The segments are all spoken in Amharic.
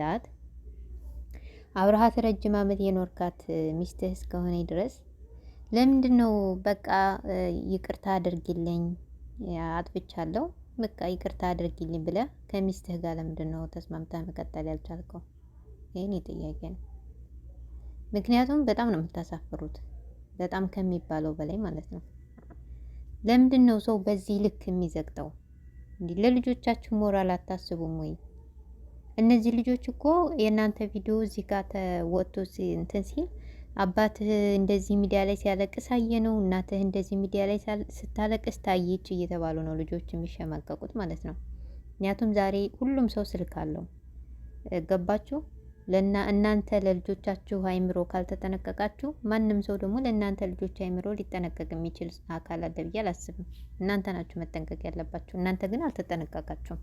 ላት አብረሃት ረጅም ዓመት የኖርካት ሚስትህ እስከሆነ ድረስ ለምንድን ነው በቃ ይቅርታ አድርጊልኝ አጥፍቻለሁ፣ በቃ ይቅርታ አድርጊልኝ ብለ ከሚስትህ ጋር ለምንድን ነው ተስማምታ መቀጠል ያልቻልከው? ይህን ጥያቄ ነው። ምክንያቱም በጣም ነው የምታሳፍሩት፣ በጣም ከሚባለው በላይ ማለት ነው። ለምንድን ነው ሰው በዚህ ልክ የሚዘግጠው? እንዲህ ለልጆቻችሁ ሞራል አታስቡም ወይ? እነዚህ ልጆች እኮ የእናንተ ቪዲዮ እዚህ ጋር ተወጥቶ እንትን ሲል አባትህ እንደዚህ ሚዲያ ላይ ሲያለቅስ አየ ነው፣ እናትህ እንደዚህ ሚዲያ ላይ ስታለቅስ ታየች እየተባሉ ነው ልጆች የሚሸማቀቁት ማለት ነው። ምክንያቱም ዛሬ ሁሉም ሰው ስልክ አለው። ገባችሁ? ለና እናንተ ለልጆቻችሁ አይምሮ ካልተጠነቀቃችሁ ማንም ሰው ደግሞ ለእናንተ ልጆች አይምሮ ሊጠነቀቅ የሚችል አካል አለ ብዬ አላስብም። እናንተ ናችሁ መጠንቀቅ ያለባችሁ። እናንተ ግን አልተጠነቀቃችሁም።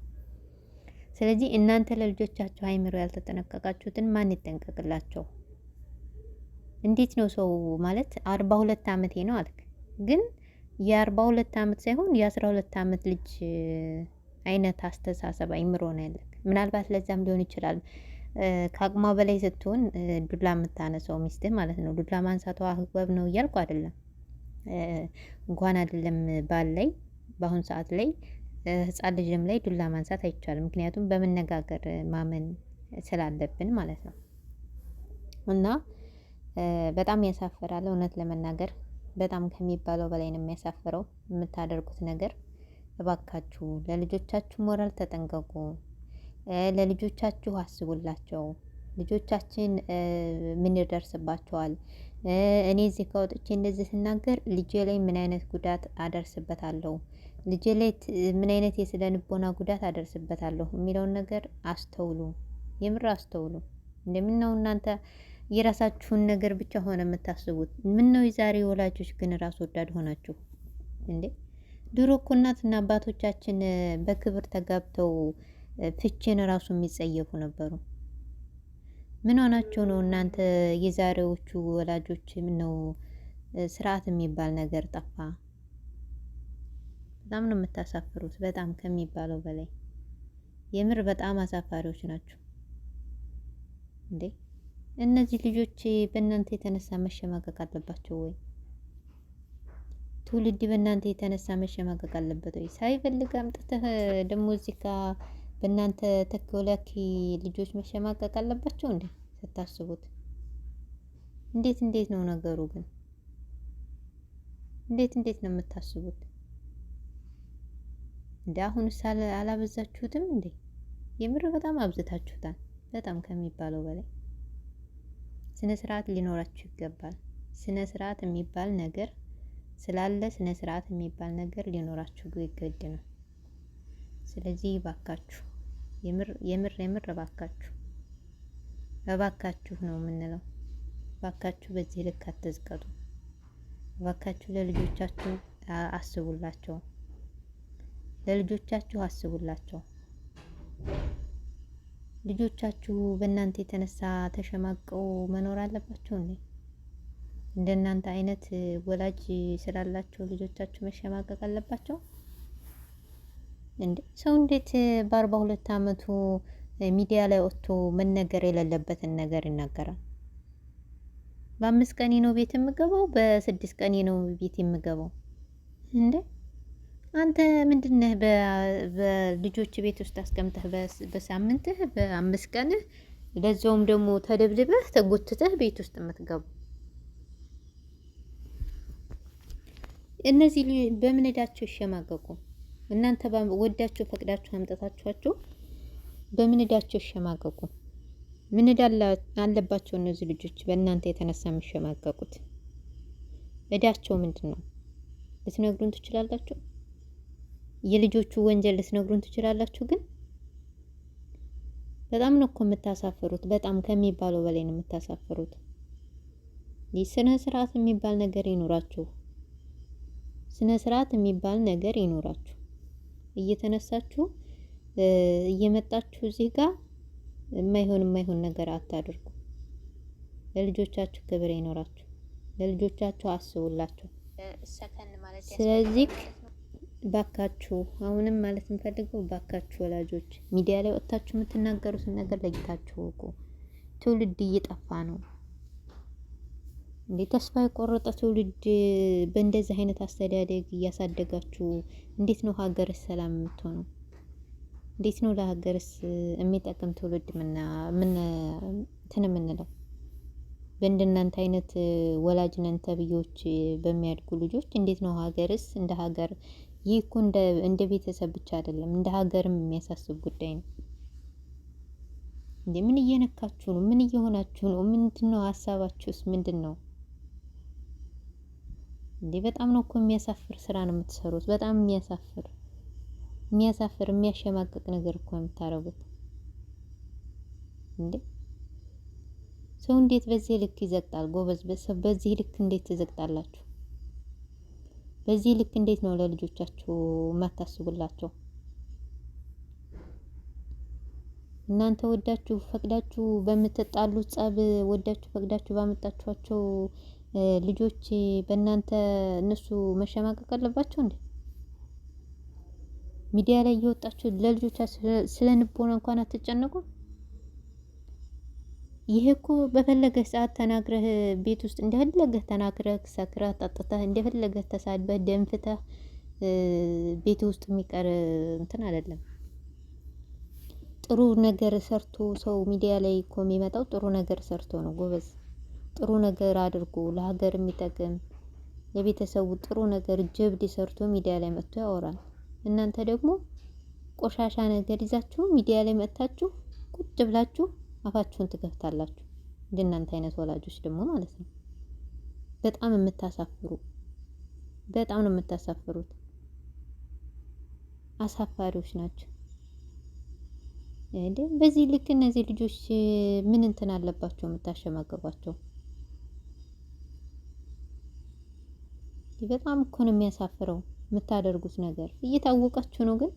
ስለዚህ እናንተ ለልጆቻችሁ አይምሮ ያልተጠነቀቃችሁትን ማን ይጠንቀቅላቸው? እንዴት ነው ሰው ማለት አርባ ሁለት ዓመቴ ነው አልክ፣ ግን የአርባ ሁለት ዓመት ሳይሆን የአስራ ሁለት ዓመት ልጅ አይነት አስተሳሰብ አይምሮ ነው ያለክ። ምናልባት ለዛም ሊሆን ይችላል ከአቅሟ በላይ ስትሆን ዱላ የምታነሰው ሚስትህ ማለት ነው። ዱላ ማንሳቷ አግባብ ነው እያልኩ አይደለም። እንኳን አይደለም ባል ላይ በአሁኑ ሰዓት ላይ ህፃን ልጅም ላይ ዱላ ማንሳት አይቻልም። ምክንያቱም በመነጋገር ማመን ስላለብን ማለት ነው። እና በጣም ያሳፍራል። እውነት ለመናገር በጣም ከሚባለው በላይ ነው የሚያሳፍረው የምታደርጉት ነገር። እባካችሁ ለልጆቻችሁ ሞራል ተጠንቀቁ። ለልጆቻችሁ አስቡላቸው። ልጆቻችን ምን ይደርስባቸዋል? እኔ እዚህ ከወጥቼ እንደዚህ ስናገር ልጄ ላይ ምን አይነት ጉዳት አደርስበታለሁ? ልጄ ላይ ምን አይነት የስነ ልቦና ጉዳት አደርስበታለሁ የሚለውን ነገር አስተውሉ። የምር አስተውሉ። እንደምነው እናንተ የራሳችሁን ነገር ብቻ ሆነ የምታስቡት። ምነው የዛሬ ወላጆች ግን ራስ ወዳድ ሆናችሁ እንዴ? ድሮ እኮ እናትና አባቶቻችን በክብር ተጋብተው ፍቼን ራሱ የሚጸየፉ ነበሩ። ምን ሆናችሁ ነው እናንተ የዛሬዎቹ ወላጆች? ነው ስርዓት የሚባል ነገር ጠፋ? በጣም ነው የምታሳፍሩት፣ በጣም ከሚባለው በላይ የምር በጣም አሳፋሪዎች ናቸው እንዴ! እነዚህ ልጆች በእናንተ የተነሳ መሸማቀቅ አለባቸው ወይ? ትውልድ በእናንተ የተነሳ መሸማቀቅ አለበት ወይ? ሳይፈልግ አምጥተህ ደግሞ እዚህ ጋ በእናንተ ተኮላኪ ልጆች መሸማቀቅ አለባቸው እንዴ? ስታስቡት እንዴት እንዴት ነው ነገሩ ግን? እንዴት እንዴት ነው የምታስቡት? እንደ አሁን ሳለ አላበዛችሁትም እንዴ? የምር በጣም አብዝታችሁታል። በጣም ከሚባለው በላይ ስነ ስርዓት ሊኖራችሁ ይገባል። ስነ ስርዓት የሚባል ነገር ስላለ ስነ ስርዓት የሚባል ነገር ሊኖራችሁ ግድ ነው። ስለዚህ ባካችሁ፣ የምር የምር የምር ባካችሁ፣ እባካችሁ ነው የምንለው። ባካችሁ በዚህ ልክ አትዝቀጡ። ባካችሁ ለልጆቻችሁ አስቡላቸው። ለልጆቻችሁ አስቡላቸው። ልጆቻችሁ በእናንተ የተነሳ ተሸማቀው መኖር አለባቸው እንዴ? እንደናንተ አይነት ወላጅ ስላላቸው ልጆቻችሁ መሸማቀቅ አለባቸው እንዴ? ሰው እንዴት በአርባ ሁለት አመቱ ሚዲያ ላይ ወጥቶ መነገር የሌለበትን ነገር ይናገራል? በአምስት ቀኔ ነው ቤት የምገባው፣ በስድስት ቀኔ ነው ቤት የምገባው እንዴ? አንተ ምንድነህ በልጆች ቤት ውስጥ አስቀምጠህ በሳምንትህ በአምስት ቀንህ ለዛውም ደግሞ ተደብድበህ ተጎትተህ ቤት ውስጥ የምትገቡ እነዚህ በምን እዳቸው ይሸማቀቁ? እናንተ ወዳቸው ፈቅዳችሁ አምጠታችኋቸው በምን እዳቸው ይሸማቀቁ? ምን እዳ አለባቸው እነዚህ ልጆች በእናንተ የተነሳ የሚሸማቀቁት? እዳቸው ምንድን ነው? ልትነግሩን ትችላላችሁ? የልጆቹ ወንጀል ልትነግሩን ትችላላችሁ። ግን በጣም ነው እኮ የምታሳፍሩት። በጣም ከሚባለው በላይ ነው የምታሳፍሩት። ስነ ስርዓት የሚባል ነገር ይኖራችሁ። ስነ ስርዓት የሚባል ነገር ይኖራችሁ። እየተነሳችሁ እየመጣችሁ እዚህ ጋር የማይሆን የማይሆን ነገር አታድርጉ። ለልጆቻችሁ ክብር ይኖራችሁ። ለልጆቻችሁ አስቡላችሁ። ስለዚህ ባካችሁ አሁንም ማለት የምፈልገው ባካችሁ ወላጆች ሚዲያ ላይ ወጥታችሁ የምትናገሩትን ነገር ለይታችሁ እወቁ። ትውልድ እየጠፋ ነው እንዴ! ተስፋ የቆረጠ ትውልድ በእንደዚህ አይነት አስተዳደግ እያሳደጋችሁ እንዴት ነው ሀገርስ ሰላም የምትሆነው? እንዴት ነው ለሀገርስ የሚጠቅም ትውልድ ምን የምንለው? በእንደናንተ አይነት ወላጅ ነን ተብዮች በሚያድጉ ልጆች እንዴት ነው ሀገርስ እንደ ሀገር ይህ እኮ እንደ ቤተሰብ ብቻ አይደለም፣ እንደ ሀገርም የሚያሳስብ ጉዳይ ነው። እንዴ ምን እየነካችሁ ነው? ምን እየሆናችሁ ነው? ምንድን ነው ሀሳባችሁስ? ምንድን ነው እንዴ? በጣም ነው እኮ የሚያሳፍር ስራ ነው የምትሰሩት። በጣም የሚያሳፍር የሚያሳፍር የሚያሸማቅቅ ነገር እኮ ነው የምታረጉት። እንዴ ሰው እንዴት በዚህ ልክ ይዘቅጣል? ጎበዝ፣ በዚህ ልክ እንዴት ትዘቅጣላችሁ? በዚህ ልክ እንዴት ነው ለልጆቻችሁ የማታስቡላቸው? እናንተ ወዳችሁ ፈቅዳችሁ በምትጣሉት ጸብ ወዳችሁ ፈቅዳችሁ ባመጣችኋቸው ልጆች በእናንተ እነሱ መሸማቀቅ አለባቸው እንዴ? ሚዲያ ላይ እየወጣችሁ ለልጆቻችሁ ስለ ንቦና እንኳን አትጨነቁም? ይህ እኮ በፈለገህ ሰዓት ተናግረህ ቤት ውስጥ እንደፈለገህ ተናግረህ ሰክረህ ጠጥተህ እንደፈለገህ ተሳድበህ ደንፍተህ ቤት ውስጥ የሚቀር እንትን አይደለም። ጥሩ ነገር ሰርቶ ሰው ሚዲያ ላይ እኮ የሚመጣው ጥሩ ነገር ሰርቶ ነው ጎበዝ። ጥሩ ነገር አድርጎ ለሀገር የሚጠቅም ለቤተሰቡ ጥሩ ነገር ጀብድ ሰርቶ ሚዲያ ላይ መጥቶ ያወራል። እናንተ ደግሞ ቆሻሻ ነገር ይዛችሁ ሚዲያ ላይ መጥታችሁ ቁጭ ብላችሁ አፋችሁን ትከፍታላችሁ። እንደናንተ አይነት ወላጆች ደግሞ ማለት ነው። በጣም የምታሳፍሩ በጣም ነው የምታሳፍሩት። አሳፋሪዎች ናቸው። በዚህ ልክ እነዚህ ልጆች ምን እንትን አለባቸው የምታሸማገቧቸው? በጣም እኮ ነው የሚያሳፍረው የምታደርጉት ነገር እየታወቃችሁ ነው ግን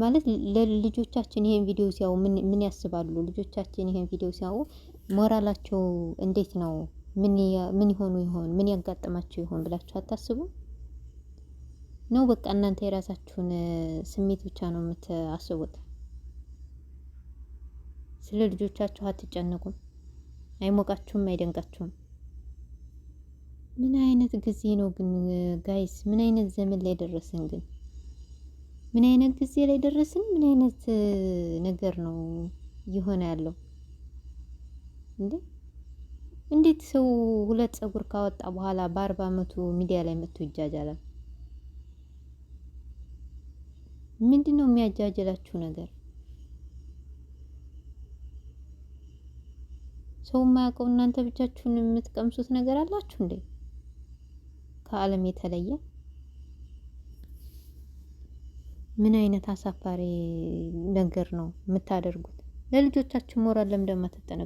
ማለት ለልጆቻችን ይሄን ቪዲዮ ሲያዩ ምን ያስባሉ? ልጆቻችን ይሄን ቪዲዮ ሲያዩ ሞራላቸው እንዴት ነው? ምን ይሆኑ ይሆን? ምን ያጋጥማቸው ይሆን ብላችሁ አታስቡም? ነው በቃ እናንተ የራሳችሁን ስሜት ብቻ ነው የምታስቡት። ስለ ልጆቻችሁ አትጨነቁም። አይሞቃችሁም፣ አይደንቃችሁም። ምን አይነት ጊዜ ነው ግን ጋይስ? ምን አይነት ዘመን ላይ ደረስን ግን? ምን አይነት ጊዜ ላይ ደረስን? ምን አይነት ነገር ነው እየሆነ ያለው እንዴ? እንዴት ሰው ሁለት ፀጉር ካወጣ በኋላ በአርባ አመቱ ሚዲያ ላይ መጥቶ ይጃጃላል? ምንድን ነው የሚያጃጅላችሁ ነገር? ሰው የማያውቀው እናንተ ብቻችሁን የምትቀምሱት ነገር አላችሁ እንዴ? ከዓለም የተለየ ምን አይነት አሳፋሪ ነገር ነው የምታደርጉት? ለልጆቻችሁ ሞራል ለምንድን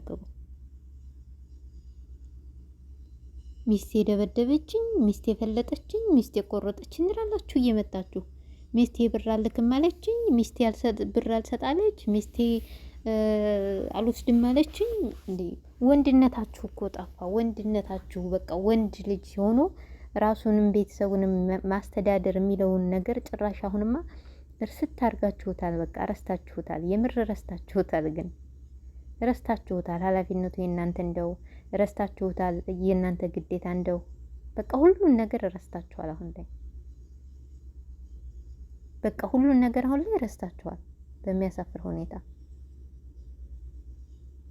ነው ሚስቴ ደበደበችኝ፣ ሚስቴ የፈለጠችኝ፣ ሚስቴ ቆረጠችኝ እንላላችሁ እየመጣችሁ ሚስቴ ብር አልክም አለችኝ፣ ሚስቴ ብር አልሰጣለች፣ ሚስቴ አልወስድም አለችኝ። እንዴ ወንድነታችሁ እኮ ጠፋ። ወንድነታችሁ በቃ ወንድ ልጅ ሆኖ ራሱንም ቤተሰቡንም ማስተዳደር የሚለውን ነገር ጭራሽ አሁንማ እርስት አድርጋችሁታል። በቃ ረስታችሁታል። የምር ረስታችሁታል። ግን ረስታችሁታል። ኃላፊነቱ የእናንተ እንደው ረስታችሁታል። የእናንተ ግዴታ እንደው በቃ ሁሉን ነገር ረስታችኋል። አሁን ላይ በቃ ሁሉን ነገር አሁን ላይ ረስታችኋል። በሚያሳፍር ሁኔታ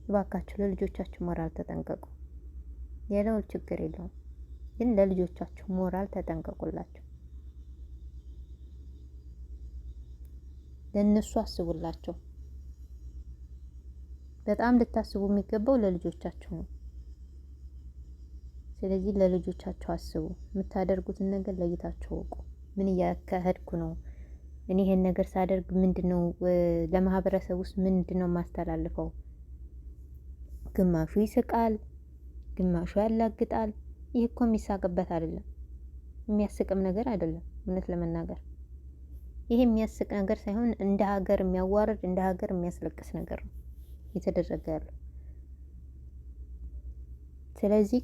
እባካችሁ ለልጆቻችሁ ሞራል ተጠንቀቁ። ሌላው ችግር የለውም፣ ግን ለልጆቻችሁ ሞራል ተጠንቀቁላችሁ። ለእነሱ አስቡላቸው። በጣም ልታስቡ የሚገባው ለልጆቻችሁ ነው። ስለዚህ ለልጆቻችሁ አስቡ። የምታደርጉትን ነገር ለይታችሁ እወቁ። ምን እያካሄድኩ ነው? እኔ ይሄን ነገር ሳደርግ ምንድነው ለማህበረሰብ ውስጥ ምንድነው የማስተላልፈው? ግማሹ ይስቃል፣ ግማሹ ያላግጣል። ይህ እኮ የሚሳቅበት አይደለም፣ የሚያስቅም ነገር አይደለም እውነት ለመናገር ይሄ የሚያስቅ ነገር ሳይሆን እንደ ሀገር የሚያዋርድ እንደ ሀገር የሚያስለቅስ ነገር ነው እየተደረገ ያለው። ስለዚህ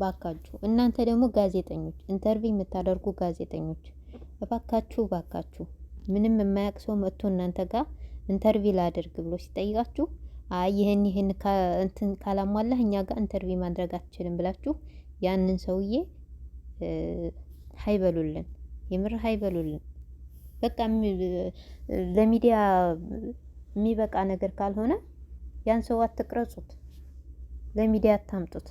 ባካችሁ እናንተ ደግሞ ጋዜጠኞች፣ ኢንተርቪው የምታደርጉ ጋዜጠኞች እባካችሁ ባካችሁ ምንም የማያውቅ ሰው መጥቶ እናንተ ጋር ኢንተርቪው ላድርግ ብሎ ሲጠይቃችሁ አይ ይህን ይህን እንትን ካላሟላህ እኛ ጋር ኢንተርቪው ማድረግ አትችልም ብላችሁ ያንን ሰውዬ ሀይበሉልን፣ የምር ሀይበሉልን። በቃ ለሚዲያ የሚበቃ ነገር ካልሆነ ያን ሰው አትቅረጹት፣ ለሚዲያ አታምጡት።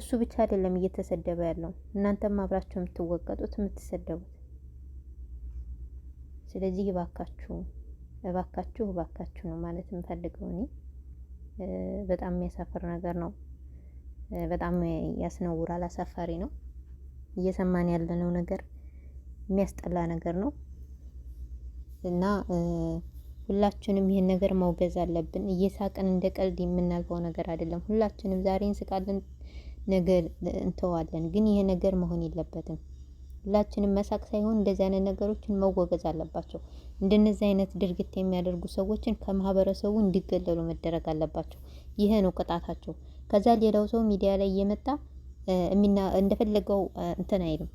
እሱ ብቻ አይደለም እየተሰደበ ያለው እናንተም አብራችሁ የምትወቀጡት የምትሰደቡት። ስለዚህ እባካችሁ እባካችሁ እባካችሁ ነው ማለት የምፈልገው እኔ። በጣም የሚያሳፍር ነገር ነው። በጣም ያስነውራል፣ አሳፋሪ ነው እየሰማን ያለነው ነገር የሚያስጠላ ነገር ነው እና ሁላችንም ይህን ነገር መውገዝ አለብን። እየሳቅን እንደ ቀልድ የምናልፈው ነገር አይደለም። ሁላችንም ዛሬ እንስቃለን፣ ነገር እንተዋለን። ግን ይሄ ነገር መሆን የለበትም። ሁላችንም መሳቅ ሳይሆን እንደዚህ አይነት ነገሮችን መወገዝ አለባቸው። እንደነዚህ አይነት ድርጊት የሚያደርጉ ሰዎችን ከማህበረሰቡ እንዲገለሉ መደረግ አለባቸው። ይሄ ነው ቅጣታቸው። ከዛ ሌላው ሰው ሚዲያ ላይ እየመጣ እንደፈለገው እንትን አይልም።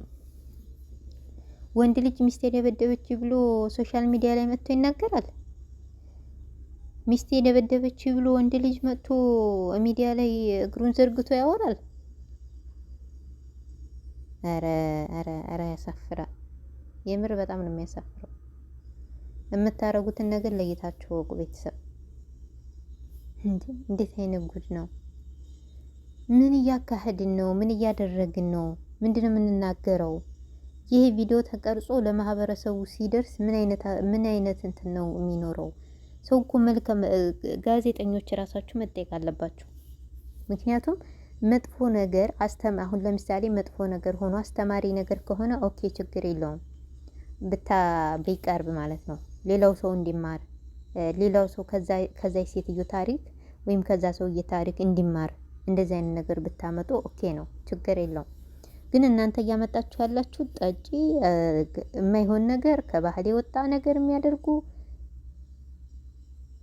ወንድ ልጅ ሚስቴን የደበደበች ብሎ ሶሻል ሚዲያ ላይ መጥቶ ይናገራል። ሚስቴ የደበደበች ብሎ ወንድ ልጅ መጥቶ ሚዲያ ላይ እግሩን ዘርግቶ ያወራል። ኧረ ኧረ ኧረ ያሳፍራል። የምር በጣም ነው የሚያሳፍረው። የምታረጉትን ነገር ለይታችሁ ወቁ ቤተሰብ። እንዴት አይነት ጉድ ነው? ምን እያካሄድን ነው? ምን እያደረግን ነው? ምንድነው የምንናገረው? ይህ ቪዲዮ ተቀርጾ ለማህበረሰቡ ሲደርስ ምን አይነት ምን አይነት እንትን ነው የሚኖረው? ሰው እኮ መልከ ጋዜጠኞች ራሳችሁ መጠየቅ አለባችሁ። ምክንያቱም መጥፎ ነገር አስተማ አሁን ለምሳሌ መጥፎ ነገር ሆኖ አስተማሪ ነገር ከሆነ ኦኬ ችግር የለውም ብታ ቢቀርብ ማለት ነው። ሌላው ሰው እንዲማር ሌላው ሰው ከዛ ሴትዮ ታሪክ ወይም ከዛ ሰውዬ ታሪክ እንዲማር እንደዚህ አይነት ነገር ብታመጡ ኦኬ ነው፣ ችግር የለውም። ግን እናንተ እያመጣችሁ ያላችሁ ጠጪ፣ የማይሆን ነገር፣ ከባህል የወጣ ነገር የሚያደርጉ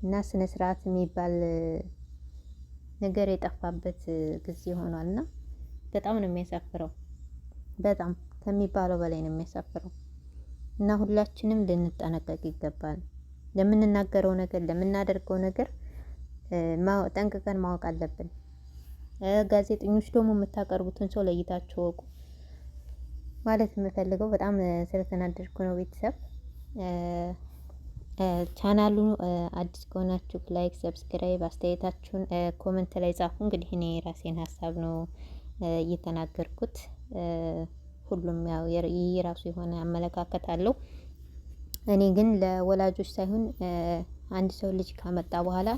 እና ስነ ስርዓት የሚባል ነገር የጠፋበት ጊዜ እና በጣም ነው የሚያሳፍረው። በጣም ከሚባለው በላይ ነው የሚያሳፍረው። እና ሁላችንም ልንጠነቀቅ ይገባል። ለምንናገረው ነገር ለምናደርገው ነገር ጠንቅቀን ማወቅ አለብን። ጋዜጠኞች ደግሞ የምታቀርቡትን ሰው ለይታችሁ ወቁ። ማለት የምፈልገው በጣም ስለተናደድኩ ነው። ቤተሰብ ቻናሉ አዲስ ከሆናችሁ ላይክ፣ ሰብስክራይብ፣ አስተያየታችሁን ኮመንት ላይ ጻፉ። እንግዲህ እኔ የራሴን ሀሳብ ነው እየተናገርኩት። ሁሉም ያው የራሱ የሆነ አመለካከት አለው። እኔ ግን ለወላጆች ሳይሆን አንድ ሰው ልጅ ካመጣ በኋላ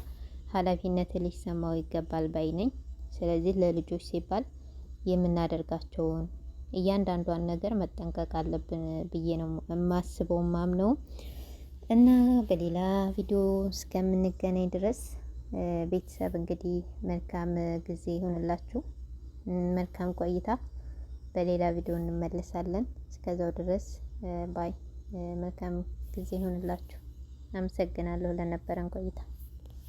ኃላፊነት ሊሰማው ይገባል ባይ ነኝ። ስለዚህ ለልጆች ሲባል የምናደርጋቸውን እያንዳንዷን ነገር መጠንቀቅ አለብን ብዬ ነው የማስበው ነው። እና በሌላ ቪዲዮ እስከምንገናኝ ድረስ ቤተሰብ እንግዲህ መልካም ጊዜ ይሆንላችሁ፣ መልካም ቆይታ። በሌላ ቪዲዮ እንመለሳለን። እስከዛው ድረስ ባይ፣ መልካም ጊዜ ይሆንላችሁ። አመሰግናለሁ ለነበረን ቆይታ።